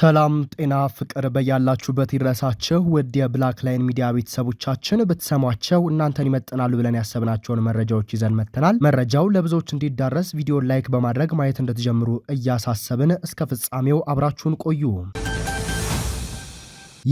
ሰላም ጤና ፍቅር በያላችሁበት ይድረሳችሁ። ውድ የብላክ ላይን ሚዲያ ቤተሰቦቻችን ብትሰሟቸው እናንተን ይመጥናሉ ብለን ያሰብናቸውን መረጃዎች ይዘን መጥተናል። መረጃው ለብዙዎች እንዲዳረስ ቪዲዮን ላይክ በማድረግ ማየት እንድትጀምሩ እያሳሰብን እስከ ፍጻሜው አብራችሁን ቆዩ።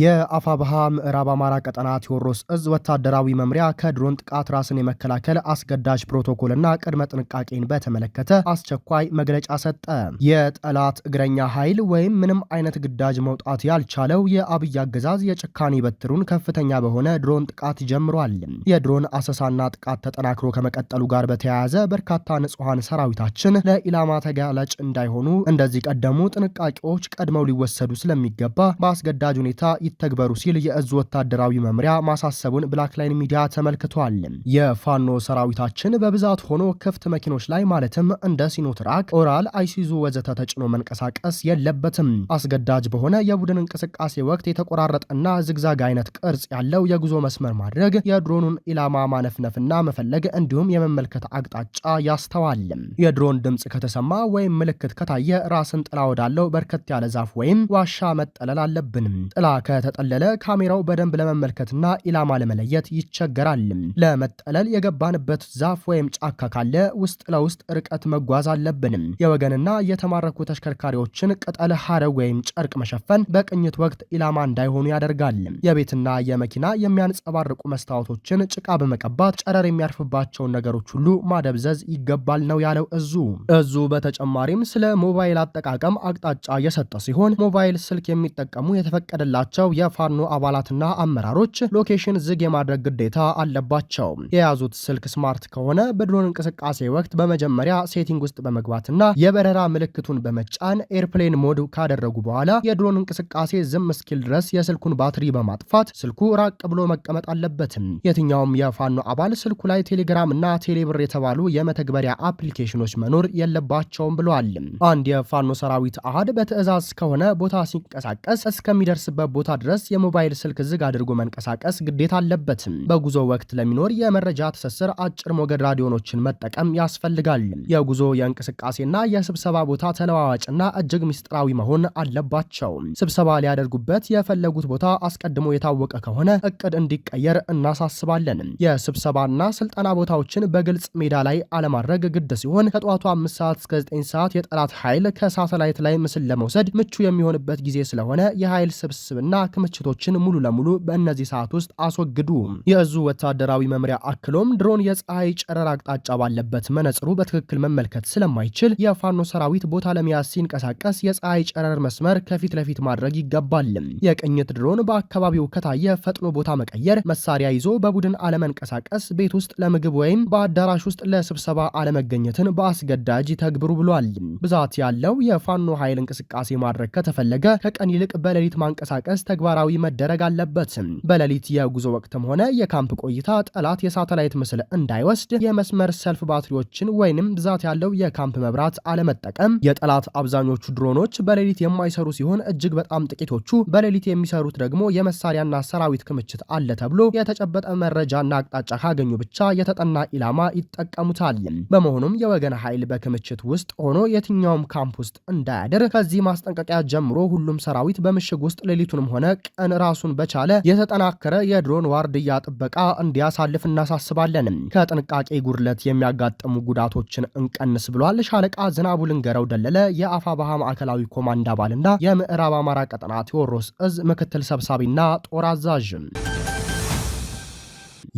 የአፋብሃ ምዕራብ አማራ ቀጠና ቴዎድሮስ እዝ ወታደራዊ መምሪያ ከድሮን ጥቃት ራስን የመከላከል አስገዳጅ ፕሮቶኮልና ቅድመ ጥንቃቄን በተመለከተ አስቸኳይ መግለጫ ሰጠ። የጠላት እግረኛ ኃይል ወይም ምንም አይነት ግዳጅ መውጣት ያልቻለው የአብይ አገዛዝ የጭካኔ በትሩን ከፍተኛ በሆነ ድሮን ጥቃት ጀምሯል። የድሮን አሰሳና ጥቃት ተጠናክሮ ከመቀጠሉ ጋር በተያያዘ በርካታ ንጹሐን ሰራዊታችን ለኢላማ ተጋላጭ እንዳይሆኑ እንደዚህ ቀደሙ ጥንቃቄዎች ቀድመው ሊወሰዱ ስለሚገባ በአስገዳጅ ሁኔታ ይተግበሩ ሲል የእዙ ወታደራዊ መምሪያ ማሳሰቡን ብላክላይን ሚዲያ ተመልክቷል። የፋኖ ሰራዊታችን በብዛት ሆኖ ክፍት መኪኖች ላይ ማለትም እንደ ሲኖትራክ፣ ኦራል፣ አይሲዙ ወዘተ ተጭኖ መንቀሳቀስ የለበትም። አስገዳጅ በሆነ የቡድን እንቅስቃሴ ወቅት የተቆራረጠና ዝግዛግ አይነት ቅርጽ ያለው የጉዞ መስመር ማድረግ፣ የድሮኑን ኢላማ ማነፍነፍና መፈለግ እንዲሁም የመመልከት አቅጣጫ ያስተዋል። የድሮን ድምፅ ከተሰማ ወይም ምልክት ከታየ ራስን ጥላ ወዳለው በርከት ያለ ዛፍ ወይም ዋሻ መጠለል አለብንም። ጥላ ከተጠለለ ካሜራው በደንብ ለመመልከትና ኢላማ ለመለየት ይቸገራል። ለመጠለል የገባንበት ዛፍ ወይም ጫካ ካለ ውስጥ ለውስጥ ርቀት መጓዝ አለብንም። የወገንና የተማረኩ ተሽከርካሪዎችን ቅጠል፣ ሐረግ ወይም ጨርቅ መሸፈን በቅኝት ወቅት ኢላማ እንዳይሆኑ ያደርጋል። የቤትና የመኪና የሚያንጸባርቁ መስታወቶችን ጭቃ በመቀባት ጨረር የሚያርፍባቸውን ነገሮች ሁሉ ማደብዘዝ ይገባል ነው ያለው እዙ። እዙ በተጨማሪም ስለ ሞባይል አጠቃቀም አቅጣጫ የሰጠ ሲሆን ሞባይል ስልክ የሚጠቀሙ የተፈቀደላቸው ያላቸው የፋኖ አባላትና አመራሮች ሎኬሽን ዝግ የማድረግ ግዴታ አለባቸው። የያዙት ስልክ ስማርት ከሆነ በድሮን እንቅስቃሴ ወቅት በመጀመሪያ ሴቲንግ ውስጥ በመግባትና የበረራ ምልክቱን በመጫን ኤርፕሌን ሞድ ካደረጉ በኋላ የድሮን እንቅስቃሴ ዝም እስኪል ድረስ የስልኩን ባትሪ በማጥፋት ስልኩ ራቅ ብሎ መቀመጥ አለበትም። የትኛውም የፋኖ አባል ስልኩ ላይ ቴሌግራም እና ቴሌብር የተባሉ የመተግበሪያ አፕሊኬሽኖች መኖር የለባቸውም ብለዋል። አንድ የፋኖ ሰራዊት አህድ በትዕዛዝ ከሆነ ቦታ ሲንቀሳቀስ እስከሚደርስበት ቦታ ቦታ ድረስ የሞባይል ስልክ ዝግ አድርጎ መንቀሳቀስ ግዴታ አለበትም። በጉዞ ወቅት ለሚኖር የመረጃ ትስስር አጭር ሞገድ ራዲዮኖችን መጠቀም ያስፈልጋል። የጉዞ የእንቅስቃሴና የስብሰባ ቦታ ተለዋዋጭና እጅግ ምስጢራዊ መሆን አለባቸው። ስብሰባ ሊያደርጉበት የፈለጉት ቦታ አስቀድሞ የታወቀ ከሆነ እቅድ እንዲቀየር እናሳስባለን። የስብሰባና ስልጠና ቦታዎችን በግልጽ ሜዳ ላይ አለማድረግ ግድ ሲሆን ከጠዋቱ አምስት ሰዓት እስከ ዘጠኝ ሰዓት የጠላት ኃይል ከሳተላይት ላይ ምስል ለመውሰድ ምቹ የሚሆንበት ጊዜ ስለሆነ የኃይል ስብስብና ክምችቶችን ሙሉ ለሙሉ በእነዚህ ሰዓት ውስጥ አስወግዱ። የእዙ ወታደራዊ መምሪያ አክሎም ድሮን የፀሐይ ጨረር አቅጣጫ ባለበት መነጽሩ በትክክል መመልከት ስለማይችል የፋኖ ሰራዊት ቦታ ለመያዝ ሲንቀሳቀስ የፀሐይ ጨረር መስመር ከፊት ለፊት ማድረግ ይገባል። የቅኝት ድሮን በአካባቢው ከታየ ፈጥኖ ቦታ መቀየር፣ መሳሪያ ይዞ በቡድን አለመንቀሳቀስ፣ ቤት ውስጥ ለምግብ ወይም በአዳራሽ ውስጥ ለስብሰባ አለመገኘትን በአስገዳጅ ተግብሩ ብሏል። ብዛት ያለው የፋኖ ኃይል እንቅስቃሴ ማድረግ ከተፈለገ ከቀን ይልቅ በሌሊት ማንቀሳቀስ ተግባራዊ መደረግ አለበት። በሌሊት የጉዞ ወቅትም ሆነ የካምፕ ቆይታ ጠላት የሳተላይት ምስል እንዳይወስድ የመስመር ሰልፍ ባትሪዎችን ወይንም ብዛት ያለው የካምፕ መብራት አለመጠቀም። የጠላት አብዛኞቹ ድሮኖች በሌሊት የማይሰሩ ሲሆን እጅግ በጣም ጥቂቶቹ በሌሊት የሚሰሩት ደግሞ የመሳሪያና ሰራዊት ክምችት አለ ተብሎ የተጨበጠ መረጃና አቅጣጫ ካገኙ ብቻ የተጠና ኢላማ ይጠቀሙታል። በመሆኑም የወገን ኃይል በክምችት ውስጥ ሆኖ የትኛውም ካምፕ ውስጥ እንዳያድር ከዚህ ማስጠንቀቂያ ጀምሮ ሁሉም ሰራዊት በምሽግ ውስጥ ሌሊቱንም ሆነ ቀን ራሱን በቻለ የተጠናከረ የድሮን ዋርድያ ጥበቃ እንዲያሳልፍ እናሳስባለን። ከጥንቃቄ ጉድለት የሚያጋጥሙ ጉዳቶችን እንቀንስ ብሏል። ሻለቃ ዝናቡ ልንገረው ደለለ የአፋ ባህ ማዕከላዊ ኮማንድ አባልና የምዕራብ አማራ ቀጠና ቴዎድሮስ እዝ ምክትል ሰብሳቢና ጦር አዛዥም።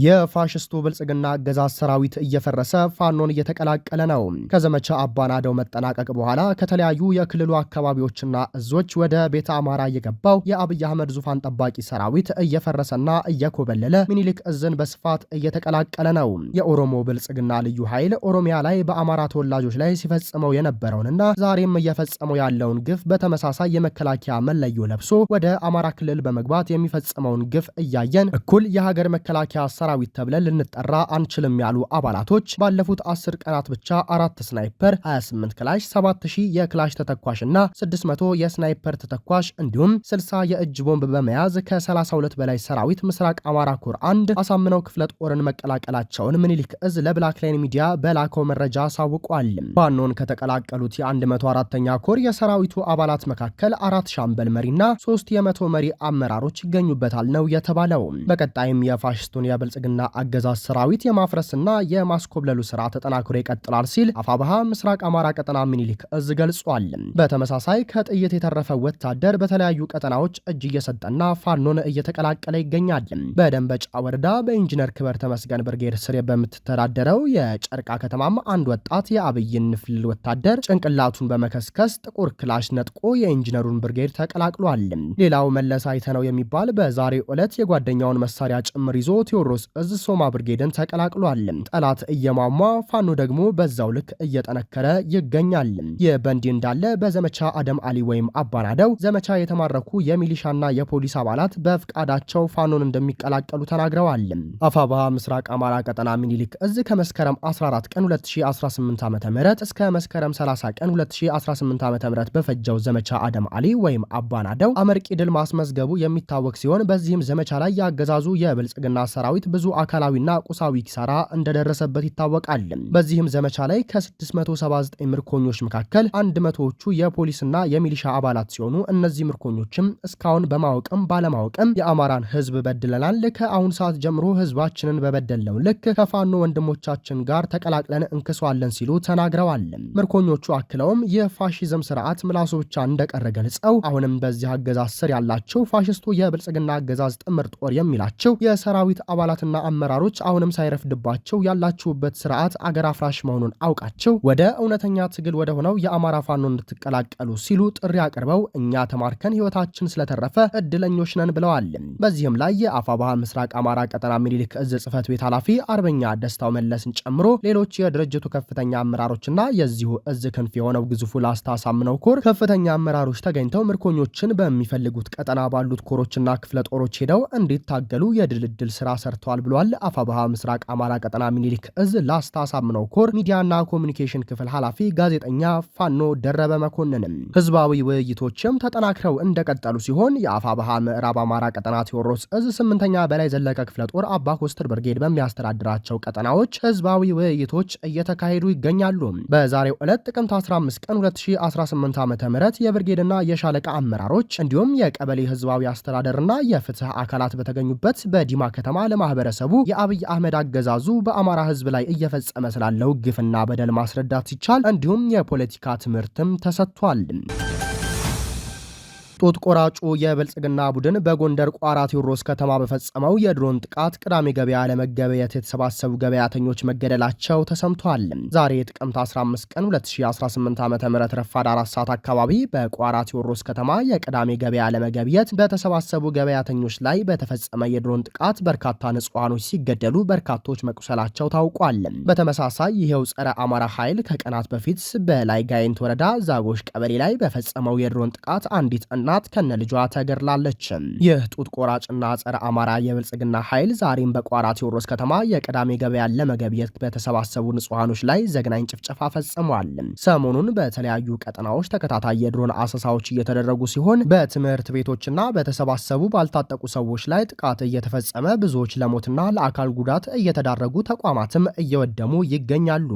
የፋሽስቱ ብልጽግና አገዛዝ ሰራዊት እየፈረሰ ፋኖን እየተቀላቀለ ነው። ከዘመቻ አባናደው መጠናቀቅ በኋላ ከተለያዩ የክልሉ አካባቢዎችና እዞች ወደ ቤተ አማራ እየገባው የአብይ አህመድ ዙፋን ጠባቂ ሰራዊት እየፈረሰና እየኮበለለ ሚኒሊክ እዝን በስፋት እየተቀላቀለ ነው። የኦሮሞ ብልጽግና ልዩ ኃይል ኦሮሚያ ላይ በአማራ ተወላጆች ላይ ሲፈጽመው የነበረውንና ዛሬም እየፈጸመው ያለውን ግፍ በተመሳሳይ የመከላከያ መለዮ ለብሶ ወደ አማራ ክልል በመግባት የሚፈጽመውን ግፍ እያየን እኩል የሀገር መከላከያ ሰራዊት ተብለን ልንጠራ አንችልም ያሉ አባላቶች ባለፉት አስር ቀናት ብቻ አራት ስናይፐር፣ 28 ክላሽ፣ 7000 የክላሽ ተተኳሽ እና 600 የስናይፐር ተተኳሽ እንዲሁም 60 የእጅ ቦምብ በመያዝ ከ32 በላይ ሰራዊት ምስራቅ አማራ ኮር አንድ አሳምነው ክፍለ ጦርን መቀላቀላቸውን ምኒልክ እዝ ለብላክላይን ሚዲያ በላከው መረጃ አሳውቋል። ፋኖን ከተቀላቀሉት የ104ኛ ኮር የሰራዊቱ አባላት መካከል አራት ሻምበል መሪና ሶስት የመቶ መሪ አመራሮች ይገኙበታል ነው የተባለው። በቀጣይም የፋሽስቱን የብል የብልጽግና አገዛዝ ሰራዊት የማፍረስና የማስኮብለሉ ስራ ተጠናክሮ ይቀጥላል ሲል አፋብሃ ምስራቅ አማራ ቀጠና ሚኒሊክ እዝ ገልጿል። በተመሳሳይ ከጥይት የተረፈ ወታደር በተለያዩ ቀጠናዎች እጅ እየሰጠና ፋኖን እየተቀላቀለ ይገኛል። በደንበጫ ወረዳ በኢንጂነር ክበር ተመስገን ብርጌድ ስር በምትተዳደረው የጨርቃ ከተማም አንድ ወጣት የአብይን ፍልል ወታደር ጭንቅላቱን በመከስከስ ጥቁር ክላሽ ነጥቆ የኢንጂነሩን ብርጌድ ተቀላቅሏል። ሌላው መለስ አይተነው የሚባል በዛሬ ዕለት የጓደኛውን መሳሪያ ጭምር ይዞ ቴዎድሮስ ቴዎድሮስ እዝ ሶማ ብርጌድን ተቀላቅሏል። ጠላት እየሟሟ ፋኖ ደግሞ በዛው ልክ እየጠነከረ ይገኛል። ይህ በእንዲህ እንዳለ በዘመቻ አደም አሊ ወይም አባናደው ዘመቻ የተማረኩ የሚሊሻና የፖሊስ አባላት በፍቃዳቸው ፋኖን እንደሚቀላቀሉ ተናግረዋል። አፋባ ምስራቅ አማራ ቀጠና ሚኒሊክ እዝ ከመስከረም 14 ቀን 2018 ዓ ም እስከ መስከረም 30 ቀን 2018 ዓ ም በፈጀው ዘመቻ አደም አሊ ወይም አባናደው አመርቂ ድል ማስመዝገቡ የሚታወቅ ሲሆን በዚህም ዘመቻ ላይ ያገዛዙ የብልጽግና ሰራዊት ብዙ አካላዊና ቁሳዊ ኪሳራ እንደደረሰበት ይታወቃል። በዚህም ዘመቻ ላይ ከ679 ምርኮኞች መካከል 100ዎቹ የፖሊስና የሚሊሻ አባላት ሲሆኑ እነዚህ ምርኮኞችም እስካሁን በማወቅም ባለማወቅም የአማራን ህዝብ በድለናል። ከአሁን ሰዓት ጀምሮ ህዝባችንን በበደለው ልክ ከፋኖ ወንድሞቻችን ጋር ተቀላቅለን እንክሷለን ሲሉ ተናግረዋል። ምርኮኞቹ አክለውም የፋሽዝም ስርዓት ምላሱ ብቻ እንደቀረ ገልጸው አሁንም በዚህ አገዛዝ ስር ያላቸው ፋሽስቱ የብልጽግና አገዛዝ ጥምር ጦር የሚላቸው የሰራዊት አባላት አባላትና አመራሮች አሁንም ሳይረፍድባቸው ያላችሁበት ስርዓት አገር አፍራሽ መሆኑን አውቃቸው ወደ እውነተኛ ትግል ወደ ሆነው የአማራ ፋኖ እንድትቀላቀሉ ሲሉ ጥሪ አቅርበው እኛ ተማርከን ህይወታችን ስለተረፈ እድለኞች ነን ብለዋል። በዚህም ላይ የአፋባሃ ምስራቅ አማራ ቀጠና ሚኒሊክ እዝ ጽህፈት ቤት ኃላፊ አርበኛ ደስታው መለስን ጨምሮ ሌሎች የድርጅቱ ከፍተኛ አመራሮችና የዚሁ እዝ ክንፍ የሆነው ግዙፉ ላስታ ሳምነው ኮር ከፍተኛ አመራሮች ተገኝተው ምርኮኞችን በሚፈልጉት ቀጠና ባሉት ኮሮችና ክፍለ ጦሮች ሄደው እንዲታገሉ የድልድል ስራ ሰርተዋል ደርሷል ብሏል። አፋብሃ ምስራቅ አማራ ቀጠና ሚኒሊክ እዝ ላስታ ሳምነው ኮር ሚዲያና ኮሚኒኬሽን ክፍል ኃላፊ ጋዜጠኛ ፋኖ ደረበ መኮንንም ህዝባዊ ውይይቶችም ተጠናክረው እንደቀጠሉ ሲሆን የአፋብሃ ምዕራብ አማራ ቀጠና ቴዎድሮስ እዝ ስምንተኛ በላይ ዘለቀ ክፍለ ጦር አባ ኮስትር ብርጌድ በሚያስተዳድራቸው ቀጠናዎች ህዝባዊ ውይይቶች እየተካሄዱ ይገኛሉ። በዛሬው ዕለት ጥቅምት 15 ቀን 2018 ዓ ም የብርጌድና የሻለቃ አመራሮች እንዲሁም የቀበሌ ህዝባዊ አስተዳደርና የፍትህ አካላት በተገኙበት በዲማ ከተማ ለማህበ ማህበረሰቡ የአብይ አህመድ አገዛዙ በአማራ ህዝብ ላይ እየፈጸመ ስላለው ግፍና በደል ማስረዳት ሲቻል እንዲሁም የፖለቲካ ትምህርትም ተሰጥቷል። ጡት ቆራጩ የብልጽግና ቡድን በጎንደር ቋራ ቴዎድሮስ ከተማ በፈጸመው የድሮን ጥቃት ቅዳሜ ገበያ ለመገበየት የተሰባሰቡ ገበያተኞች መገደላቸው ተሰምቷል። ዛሬ ጥቅምት 15 ቀን 2018 ም ረፋድ አራት ሰዓት አካባቢ በቋራ ቴዎድሮስ ከተማ የቅዳሜ ገበያ ለመገብየት በተሰባሰቡ ገበያተኞች ላይ በተፈጸመ የድሮን ጥቃት በርካታ ንጹሐኖች ሲገደሉ በርካቶች መቁሰላቸው ታውቋል። በተመሳሳይ ይሄው ጸረ አማራ ኃይል ከቀናት በፊት በላይ ጋይንት ወረዳ ዛጎሽ ቀበሌ ላይ በፈጸመው የድሮን ጥቃት አንዲት እና እናት ልጇ ተገድላለች። ይህ ጡት ቆራጭና ጸረ አማራ የብልጽግና ኃይል ዛሬም በቋራ ቴዎድሮስ ከተማ የቅዳሜ ገበያን ለመገብየት በተሰባሰቡ ንጹሐኖች ላይ ዘግናኝ ጭፍጨፋ ፈጽሟል። ሰሞኑን በተለያዩ ቀጠናዎች ተከታታይ የድሮን አሰሳዎች እየተደረጉ ሲሆን በትምህርት ቤቶችና በተሰባሰቡ ባልታጠቁ ሰዎች ላይ ጥቃት እየተፈጸመ ብዙዎች ለሞትና ለአካል ጉዳት እየተዳረጉ ተቋማትም እየወደሙ ይገኛሉ።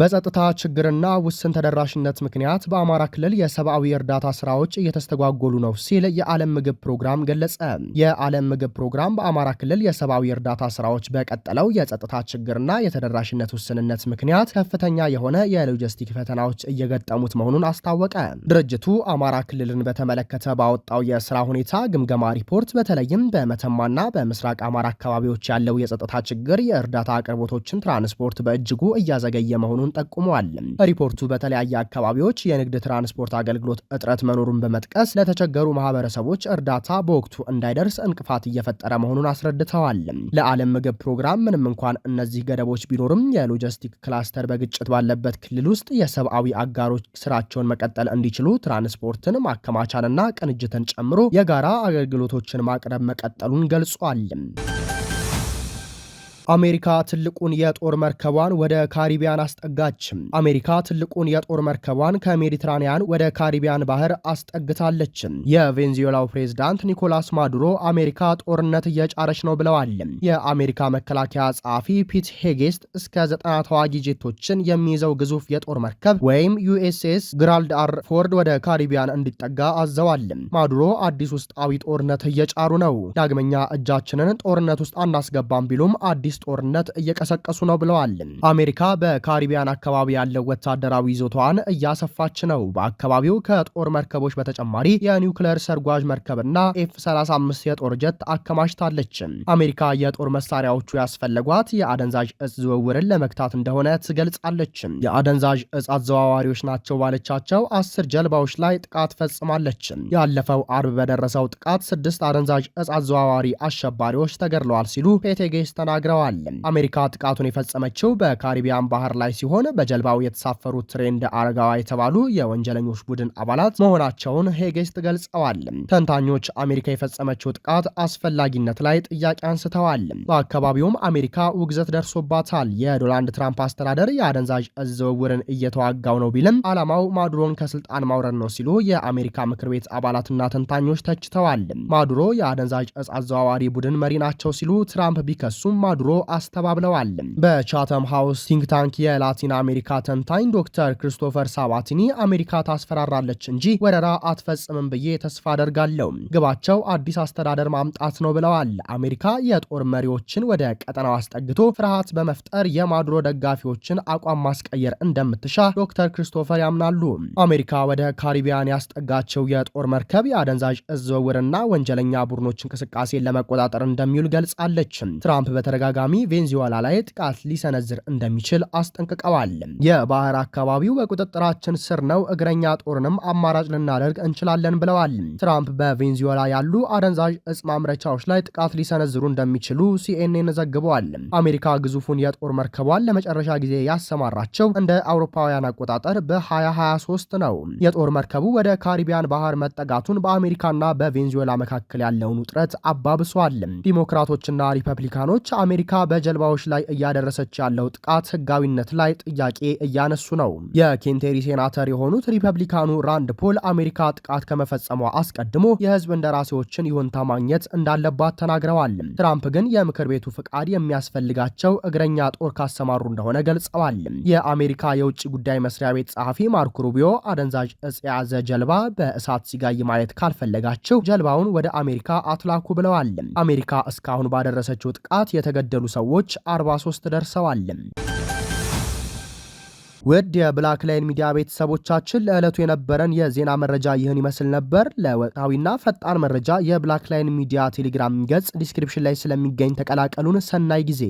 በጸጥታ ችግርና ውስን ተደራሽነት ምክንያት በአማራ ክልል የሰብአዊ እርዳታ ስራዎች እየተስተጓጎሉ ነው ሲል የዓለም ምግብ ፕሮግራም ገለጸ። የዓለም ምግብ ፕሮግራም በአማራ ክልል የሰብአዊ እርዳታ ስራዎች በቀጠለው የጸጥታ ችግርና የተደራሽነት ውስንነት ምክንያት ከፍተኛ የሆነ የሎጂስቲክ ፈተናዎች እየገጠሙት መሆኑን አስታወቀ። ድርጅቱ አማራ ክልልን በተመለከተ ባወጣው የስራ ሁኔታ ግምገማ ሪፖርት በተለይም በመተማና በምስራቅ አማራ አካባቢዎች ያለው የጸጥታ ችግር የእርዳታ አቅርቦቶችን ትራንስፖርት በእጅጉ እያዘገየ መሆኑ መሆኑን ጠቁመዋል። ሪፖርቱ በተለያየ አካባቢዎች የንግድ ትራንስፖርት አገልግሎት እጥረት መኖሩን በመጥቀስ ለተቸገሩ ማህበረሰቦች እርዳታ በወቅቱ እንዳይደርስ እንቅፋት እየፈጠረ መሆኑን አስረድተዋል። ለዓለም ምግብ ፕሮግራም ምንም እንኳን እነዚህ ገደቦች ቢኖርም የሎጂስቲክ ክላስተር በግጭት ባለበት ክልል ውስጥ የሰብአዊ አጋሮች ስራቸውን መቀጠል እንዲችሉ ትራንስፖርትን ማከማቻንና ቅንጅትን ጨምሮ የጋራ አገልግሎቶችን ማቅረብ መቀጠሉን ገልጿል። አሜሪካ ትልቁን የጦር መርከቧን ወደ ካሪቢያን አስጠጋችም። አሜሪካ ትልቁን የጦር መርከቧን ከሜዲትራኒያን ወደ ካሪቢያን ባህር አስጠግታለችም። የቬንዙዌላው ፕሬዝዳንት ኒኮላስ ማዱሮ አሜሪካ ጦርነት እየጫረች ነው ብለዋል። የአሜሪካ መከላከያ ጸሐፊ ፒት ሄጌስት እስከ ዘጠና ተዋጊ ጄቶችን የሚይዘው ግዙፍ የጦር መርከብ ወይም ዩኤስኤስ ግራልድ አር ፎርድ ወደ ካሪቢያን እንዲጠጋ አዘዋል። ማዱሮ አዲስ ውስጣዊ ጦርነት እየጫሩ ነው፣ ዳግመኛ እጃችንን ጦርነት ውስጥ አናስገባም ቢሉም አዲስ አዲስ ጦርነት እየቀሰቀሱ ነው ብለዋል። አሜሪካ በካሪቢያን አካባቢ ያለው ወታደራዊ ይዞታዋን እያሰፋች ነው። በአካባቢው ከጦር መርከቦች በተጨማሪ የኒውክሌር ሰርጓዥ መርከብና ኤፍ 35 የጦር ጀት አከማችታለች። አሜሪካ የጦር መሳሪያዎቹ ያስፈለጓት የአደንዛዥ እጽ ዝውውርን ለመግታት እንደሆነ ትገልጻለች። የአደንዛዥ እጽ አዘዋዋሪዎች ናቸው ባለቻቸው አስር ጀልባዎች ላይ ጥቃት ፈጽማለች። ያለፈው አርብ በደረሰው ጥቃት ስድስት አደንዛዥ እጽ አዘዋዋሪ አሸባሪዎች ተገድለዋል ሲሉ ፔቴጌስ ተናግረዋል። ተናግረዋል። አሜሪካ ጥቃቱን የፈጸመችው በካሪቢያን ባህር ላይ ሲሆን በጀልባው የተሳፈሩት ትሬንድ አረጋዋ የተባሉ የወንጀለኞች ቡድን አባላት መሆናቸውን ሄጌስት ገልጸዋል። ተንታኞች አሜሪካ የፈጸመችው ጥቃት አስፈላጊነት ላይ ጥያቄ አንስተዋል። በአካባቢውም አሜሪካ ውግዘት ደርሶባታል። የዶናልድ ትራምፕ አስተዳደር የአደንዛዥ እጽ ዝውውርን እየተዋጋው ነው ቢልም ዓላማው ማዱሮን ከስልጣን ማውረድ ነው ሲሉ የአሜሪካ ምክር ቤት አባላትና ተንታኞች ተችተዋል። ማዱሮ የአደንዛዥ እጽ አዘዋዋሪ ቡድን መሪ ናቸው ሲሉ ትራምፕ ቢከሱም ማዱሮ አስተባብለዋል። በቻተም ሃውስ ቲንክ ታንክ የላቲን አሜሪካ ተንታኝ ዶክተር ክሪስቶፈር ሳባቲኒ አሜሪካ ታስፈራራለች እንጂ ወረራ አትፈጽምም ብዬ ተስፋ አደርጋለሁ፣ ግባቸው አዲስ አስተዳደር ማምጣት ነው ብለዋል። አሜሪካ የጦር መሪዎችን ወደ ቀጠናው አስጠግቶ ፍርሃት በመፍጠር የማዱሮ ደጋፊዎችን አቋም ማስቀየር እንደምትሻ ዶክተር ክሪስቶፈር ያምናሉ። አሜሪካ ወደ ካሪቢያን ያስጠጋቸው የጦር መርከብ የአደንዛዥ እጽ ዝውውርና ወንጀለኛ ቡድኖች እንቅስቃሴን ለመቆጣጠር እንደሚውል ገልጻለች። ትራምፕ በተደጋጋሚ በድጋሚ ቬንዙዌላ ላይ ጥቃት ሊሰነዝር እንደሚችል አስጠንቅቀዋል። የባህር አካባቢው በቁጥጥራችን ስር ነው፣ እግረኛ ጦርንም አማራጭ ልናደርግ እንችላለን ብለዋል። ትራምፕ በቬንዙዌላ ያሉ አደንዛዥ እጽ ማምረቻዎች ላይ ጥቃት ሊሰነዝሩ እንደሚችሉ ሲኤንኤን ዘግበዋል። አሜሪካ ግዙፉን የጦር መርከቧን ለመጨረሻ ጊዜ ያሰማራቸው እንደ አውሮፓውያን አቆጣጠር በ2023 ነው። የጦር መርከቡ ወደ ካሪቢያን ባህር መጠጋቱን በአሜሪካና በቬንዙዌላ መካከል ያለውን ውጥረት አባብሷል። ዲሞክራቶችና ሪፐብሊካኖች አሜሪካ አሜሪካ በጀልባዎች ላይ እያደረሰች ያለው ጥቃት ህጋዊነት ላይ ጥያቄ እያነሱ ነው። የኬንቴሪ ሴናተር የሆኑት ሪፐብሊካኑ ራንድ ፖል አሜሪካ ጥቃት ከመፈጸሟ አስቀድሞ የህዝብ እንደራሴዎችን ይሁንታ ማግኘት እንዳለባት ተናግረዋል። ትራምፕ ግን የምክር ቤቱ ፍቃድ የሚያስፈልጋቸው እግረኛ ጦር ካሰማሩ እንደሆነ ገልጸዋል። የአሜሪካ የውጭ ጉዳይ መስሪያ ቤት ጸሐፊ ማርኮ ሩቢዮ አደንዛዥ እጽ የያዘ ጀልባ በእሳት ሲጋይ ማየት ካልፈለጋቸው ጀልባውን ወደ አሜሪካ አትላኩ ብለዋል። አሜሪካ እስካሁን ባደረሰችው ጥቃት የተገደ የተገደሉ ሰዎች 43 ደርሰዋል። ውድ የብላክ ላይን ሚዲያ ቤተሰቦቻችን ለዕለቱ የነበረን የዜና መረጃ ይህን ይመስል ነበር። ለወቅታዊና ፈጣን መረጃ የብላክ ላይን ሚዲያ ቴሌግራም ገጽ ዲስክሪፕሽን ላይ ስለሚገኝ ተቀላቀሉን። ሰናይ ጊዜ